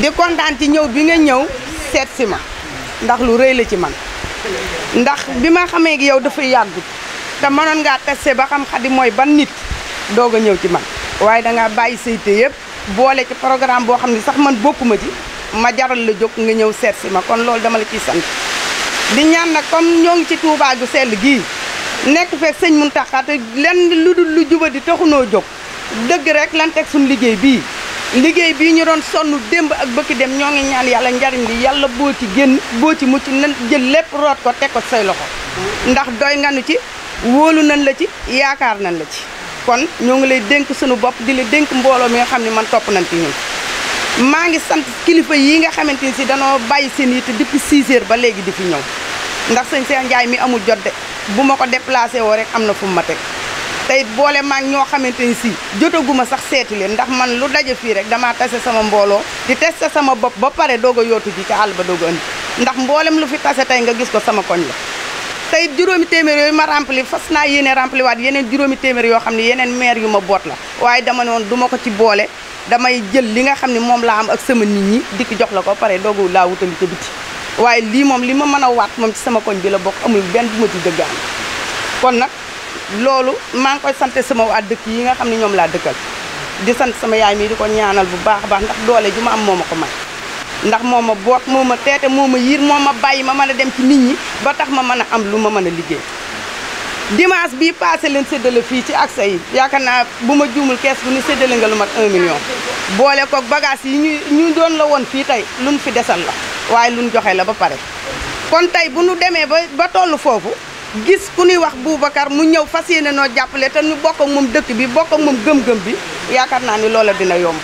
di kontaan ci ñëw bi nga ñëw seet si ma ndax lu rëy la ci man ndax bi ma xamee gi yow dafay yàggut te mënoon ngaa teste ba xam xadi mooy ban nit doog a ñëw ci man waaye dangaa bàyyi sayte yëpp boole ci programme boo xam ne sax man ma ci ma jaral la jóg nga ñëw seet si ma kon loolu dama la ciy sant di ñaan nag comme ñoo ngi ci Touba gu sell gii nekk fekk sëñ tax te lenn lu dul lu juba di taxunoo jóg dëgg rek lan teg suñu liggéey bii liggéey bii ñu doon sonn démb ak bëkki dem ñoo ngi ñaan yàlla njariñ li yàlla boo ci génn boo ci mucc nan jël lépp root ko teg ko say loxo ndax doy nga nu ci wóolu nan la ci yaakaar nan la ci kon ñoo ngi lay dénk sunu bopp di la dénk mbooloo mi nga xam ne man topp nañ ci ñun maa ngi sant kilifa yi nga xamante ni si danoo bàyyi seen yitte depuis 6 heures ba léegi di fi ñow ndax sëñ Cheikh Ndiaye mi amul jot de bu ma ko déplacé woo rek am na fu mu ma teg tey boole maag ñoo xamante ni si jotaguma sax seeti leen ndax man lu daje fii rek damaa tase sama mbooloo di teste sama bopp ba pare doog a yootu ji ca àll ba doog a ndax mboolem lu fi tase tey nga gis ko sama koñ la tey juróomi téeméer yooyu ma rempli fas naa yéene rempli waat yeneen juróomi téeméer yoo xam ne yeneen maire yu ma boot la waaye dama noonu du ma ko ci boole damay jël li nga xam ne moom laa am ak sama nit ñi dikk jox la ko pare doogu laa wutali ca biti waaye lii moom li ma mën a waat moom ci sama koñ bi la bokk amul benn bu ma ci dëggaan kon nag loolu maa ngi koy sante sama waa dëkk yi nga xam ne ñoom laa dëkkal di sant sama yaay mii di ko ñaanal bu baax a baax ndax doole ju ma am moo ma ko may ndax moom ma boot moom ma teete moom ma yiir moom ma bàyyi ma mën a dem ci nit ñi ba tax ma mën a am lu ma mën a liggéey dimanche bii passé leen séddale fii ci accès yi yaakaar naa bu ma juumul kees bu nu séddale nga lu mat 1 million boole ko bagage yi ñu ñu doon la woon fii tey luñ fi desal la waaye luñ joxe la ba pare kon tey bu nu demee ba ba toll foofu gis ku ni wax Boubacar mu ñew fasiyene no noo jàppale ñu bok ak mom dëkk bi bok ak mom gëm-gëm bi yaakar na ni loolu dina yom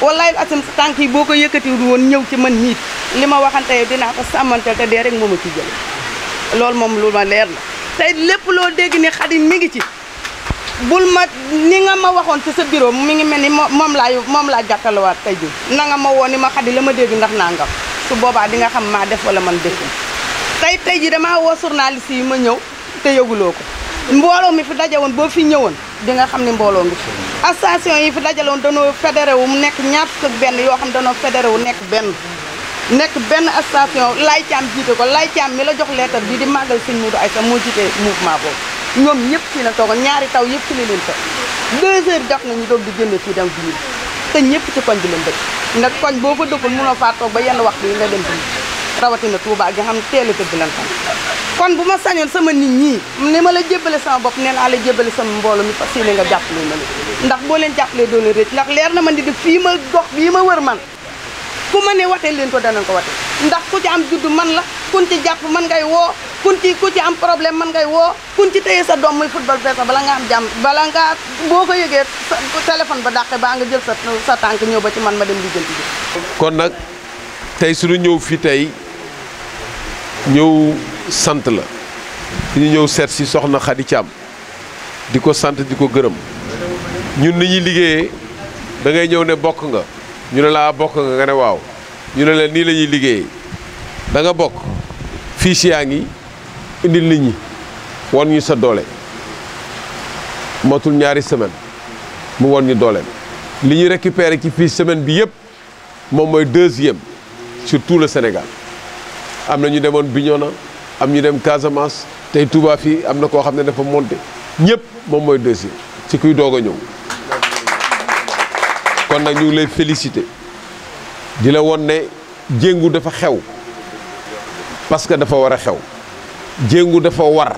wallahi asim tànk yi boo ko yëkkatiwul woon ñëw ci man nit lima waxante ko sàmmantel te dee rek moma ci jël lool mom lu leer la tay lepp lo dégg ni khadim mi ngi ci bul ma ni nga ma waxon ci sa bureau mi ngi melni mom la mom la jakkal jàkkalawaat tay ju na nga ma woni ma Xadi lama dégg ndax nga su boba di nga xam ma def wala man dëkk tey tey ji damaa woo journaliste yi ma ñëw te yëguloo ko mbooloo mi fi daje woon boo fi ñëwoon di nga xam ne mbooloo ngi fi association yi fi dajaloon danoo fédéré wu mu nekk ñaar fukk benn yoo xam ne danoo fédéré wu nekk benn nekk benn association Laye Thiam jiite ko Laye Thiam mi la jox leetar bi di màggal sëñ Moudou Aïssa moo jiite mouvement boobu ñoom ñëpp fii la toogoon ñaari taw yëpp fi la leen fekk deux heures jot na ñu di génne fii dem fii te ñëpp ci koñ bi lañ dëkk nag koñ boo fa dëkkul mënoo faa toog ba yenn waxtu yi nga dem rawatina Touba gi xam teel a tëdd lan kon bu ma sañoon sama nit ñi ni ma la jébbale sama bopp nee naa la jébbale sama mbooloo mi fas yéene nga jàppale ma li ndax boo leen jàppalee doo leen rëcc ndax leer na ma ni di fii ma dox bii ma wër man ku ma ne watee leen ko danañ ko wate ndax ku ci am juddu man la kun ci jàpp man ngay woo kun ci ku ci am problème man ngay woo kun ci téye sa doom muy football fee sa bala nga am jàmm bala ngaa boo ko yëgee téléphone ba dàqe baa nga jël sa sa tànk ñëw ba ci man ma dem lijjanti ji kon nag tey suñu ñëw ñëw sant la ñu ñëw seet si soxna Khady Thiam di ko sant di ko gërëm ñun ni ñuy liggéeye da ngay ñëw ne bokk nga ñu ne laa ah, bokk nga nga ne waaw ñu ne la nii lañuy ñuy danga bokk fiis yaa ngi indil nit ñi wan ñu sa doole matul ñaari semaine mu wan ñu dooleem li ñu récupéré ci fiis semaine bi yëpp moom mooy deuxième sur surtout le Sénégal am na ñu demoon Bignona am ñu dem Casamance tey Touba fii am na koo xam ne dafa monté ñëpp moom mooy deuxième ci kuy doog a ñëw kon nag ñu ngi lay félicité di la won ne jéngu dafa xew parce que dafa war a xew jéngu dafa war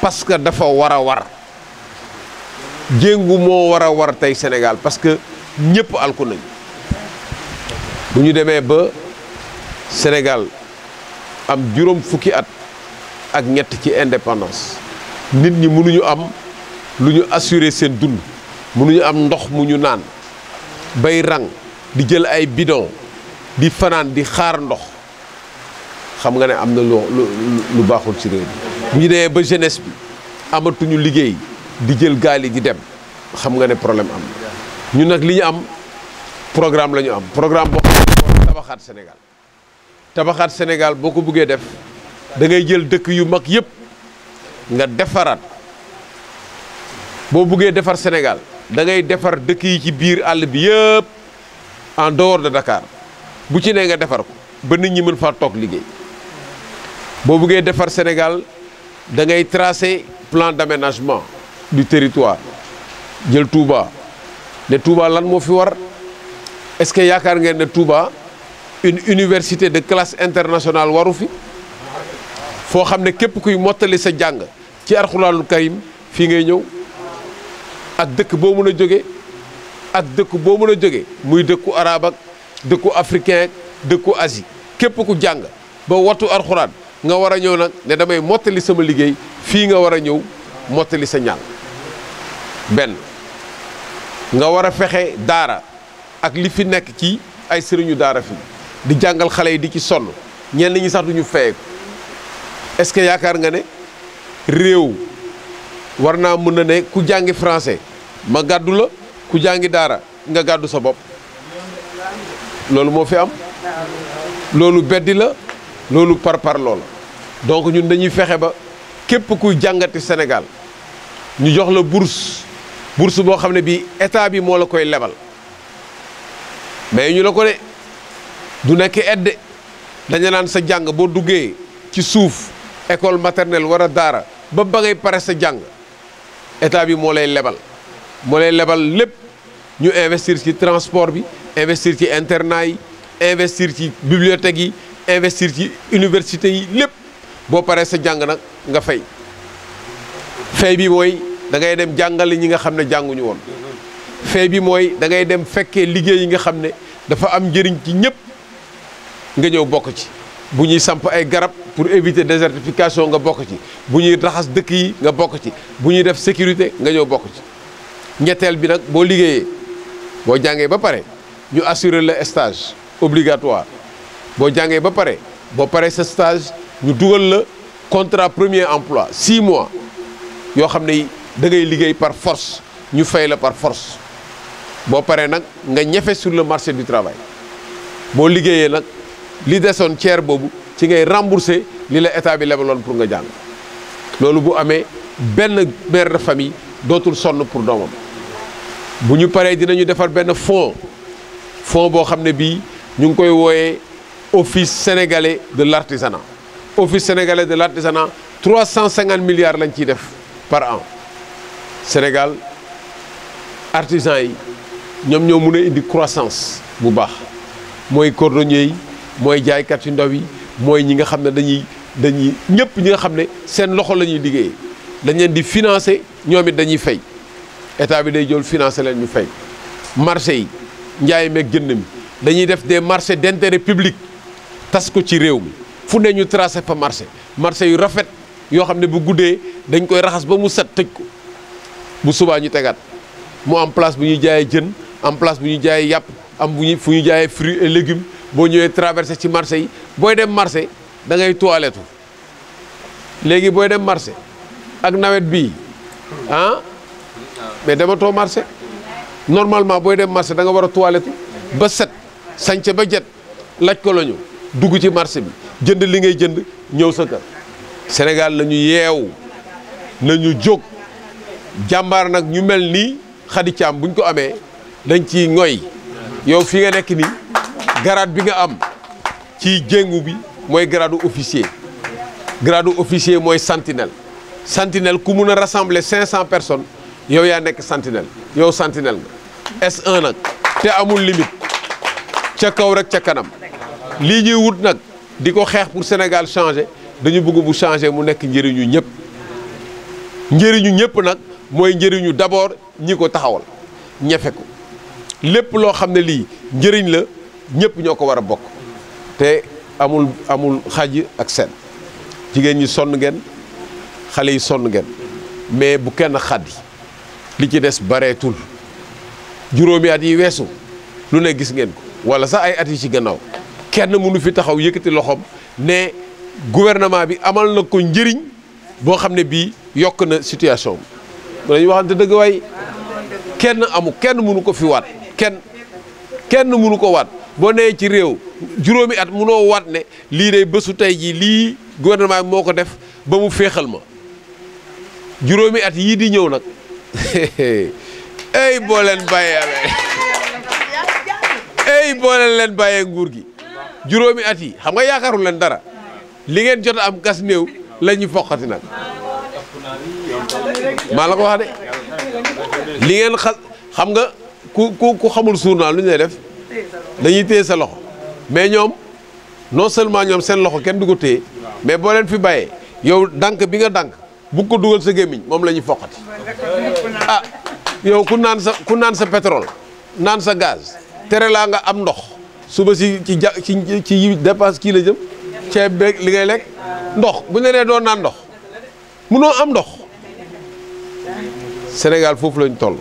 parce que dafa war a war jéngu moo war a war tey Sénégal parce que ñëpp alku nañ bu ñu demee ba Sénégal am juróom fukki at ak ñett ci indépendance nit ñi mënuñu am lu ñu assurer seen dund mënuñu am ndox mu ñu naan bay rang di jël ay bidon di fanaan di xaar ndox xam nga ne am na lu baaxul ci réew mi bu ñu demee ba jeunesse bi amatuñu liggéey di jël gaali yi di dem xam nga ne problème am ñu nag li ñu am programme la ñu am programme boo xam ne tabaxaat Sénégal tabaxat Senegal boko ko def da ngay jël dëkk yu mag yépp nga defaraat bo buggee defar senegal da ngay defar dëkk yi ci biir all bi yépp en dehors de Dakar bu ci nga defar ko ba nit ñi mën fa tok liggéey bo defar senegal da ngay tracer plan d'aménagement du territoire jël Touba ne Touba lan mo fi war est-ce que yaakaar ngeen ne Touba. une université de classe internationale Warufi. fo foo xam ne képp kuy mottali sa jang ci arxuraanul karim fi ngay ñew ak dëkk bo mën a ak dëkk bo mën a muy dëkku arab ak dëkku africain ak dëkku asie képp ku jang ba watu arxuraan nga wara ñew nak nag ne damay motali sama liggéey fi nga wara ñew motali sa ñaan ben nga wara fexé daara ak li fi nekk ci ay serigne daara fi di jàngal xale yi di ci sonn ñenn ñi sax duñu feyeeku est-ce que yaakaar nga ne réew war naa mën na ne ku jàngi français ma gàddu la ku jàngi daara nga gàddu sa bopp loolu moo fi am loolu beddi la loolu parpar loola donc ñun dañuy fexe ba képp kuy jàngati Sénégal ñu jox la bourse bourse boo xam ne bii état bi moo la koy lebal mais ñu la ko ne du nekk edde dañu naan sa jàng boo duggee ci suuf école maternelle war a daara ba ba ngay pare sa jàng état bi moo lay lebal moo lay lebal lépp ñu investir ci transport bi investir ci internat yi investir ci bibliothèque yi investir ci université yi lépp boo paree sa jàng na nga fay fay bi mooy da ngay dem jàngale ñi nga xam ne jànguñu woon fay bi mooy da ngay dem fekkee liggéey yi nga xam ne dafa am njëriñ ci ñëpp nga ñëw bokk ci bu ñuy samp ay garab pour éviter désertification nga bokk ci bu ñuy raxas dëkk yi nga bokk ci bu ñuy def sécurité nga ñëw bokk ci ñetteel bi nag boo liggéeyee boo jàngee ba pare ñu assurer le stage obligatoire boo jàngee ba pare boo paree sa stage ñu dugal la contrat premier emploi six mois yoo xam ne da ngay liggéey par force ñu fay la par force boo paree nag nga ñefe sur le marché du travail boo liggéeyee nag li son ceer Bobu, ci ngay rembourser li la état bi lebaloon pour nga jàng lolou bu amé benn mère de famille dootul sonn pour domam buñu paré dinañu défar benn fonds fonds bo xamné bi bii ñu ngi koy woyé office sénégalais de l'artisanat. office sénégalais de l'artisanat 350 milliards lañ ci def par an Sénégal artisan yi ñom ñoo mëna indi croissance bu baax moy cordonnier yi mooy jaaykat yu ndaw yi mooy ñi nga xam ne dañuy dañuy ñëpp ñi nga xam ne seen loxo la ñuy liggéeyee dañ leen di financer ñoom it dañuy fay état bi day jël financer leen ñu fay. marché yi njaay meeg jënd mi dañuy def des marchés d'intérêt public tas ko ci réew mi fu ne ñu tracé fa marché marché yu rafet yoo xam ne bu guddee dañ koy raxas ba mu set tëj ko bu subaa ñu tegaat mu am place bu ñuy jaayee jën am place bu ñuy jaayee yàpp am bu ñuy fu ñuy jaayee fruits et boo ñëwee traversé ci marché yi booy dem marché da ngay toilettu léegi booy dem marché ak nawet bii ah mais dama too normalement booy dem marché da nga war a toilettu ba set sañce ba jet laj ko la ñu dugg ci marché bi jënd li ngay jënd ñëw sa kër Sénégal nañu yeew nañu jóg jàmbaar nag ñu mel nii Khady Thiam buñ ko amee dañ ci ngoy yow fii nga nekk nii garade bi nga am ci djengu bi moy grade officier grade officier moy sentinelle sentinelle ku meuna rassembler 500 personnes yow ya nek sentinelle yow sentinelle S1 nak té amul limite ca kaw rek ca kanam li ñuy wut nak diko ko pour Sénégal changer dañu bëgg bu changer mu nek njëriñu ñëpp njëriñu ñëpp nak moy njëriñu d'abord ñiko taxawal ñafeku ko lépp loo xam ne lii njëriñ la. ñëpp ñoo ko war a bokk te amul amul xaj ak seen jigéen ñi sonn ngeen xale yi sonn ngeen mais bu kenn xaddi li ci des bareetul juróomi at yi weesu lu ne gis ngeen ko wala sax ay at yi ci gannaaw kenn mënu fi taxaw yëkkati loxoom ne gouvernement bi amal na ko njëriñ boo xam ne bii yokk na situation bi dañuy waxante dëgg waay kenn amu kenn mënu ko fi waat kenn kenn mënu ko waat boo nee ci réew juromi at muno wat ne li day bésu tay ji li gouvernement moko def ba mu fexal ma juromi at yi di ñew nak ay boo leen bàyyee amee ey boo leen nguur gi juromi at yi xam nga yaakaarul len dara li ngeen jot am gas néew lañu fokati nak ma la ko wax de li ngeen xam nga ku ku xamul journal lu ñu def dañuy téye sa loxo mais ñoom non seulement ñoom seen loxo kenn du ko téye mais boo leen fi bàyyee yow dànk bi nga dànk bugg ko dugal sa gémmiñ moom la ñuy foqati ah yow ku naan sa ku naan sa pétrole naan sa gaz tere laa nga am ndox suba si ci ja ci ci dépense kii la jëm ceeb beeg li ngay lekk ndox bu ñu la doon naan ndox munoo am ndox Sénégal foofu lañ toll